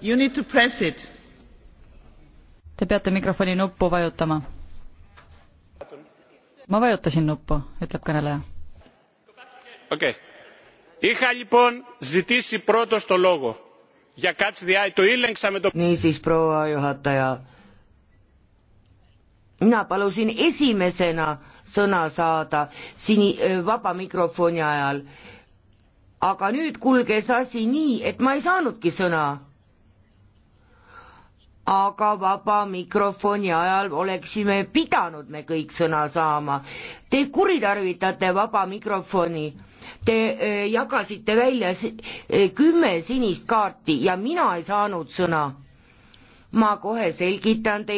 You need to press it. Te peate mikrofoni nuppu vajutama. ma vajutasin nuppu, ütleb kõneleja. okei okay.. Είχα λοιπόν ζητήσει πρώτος το λόγο. Για κάτσε διάει, το ήλεγξα με το... Niisiis, proua juhataja, mina palusin esimesena sõna saada siin vaba mikrofoni ajal, aga nüüd kulges asi nii, et ma ei saanudki sõna aga vaba mikrofoni ajal oleksime pidanud me kõik sõna saama. Te kuritarvitate vaba mikrofoni, te eh, jagasite välja eh, kümme sinist kaarti ja mina ei saanud sõna. ma kohe selgitan teile.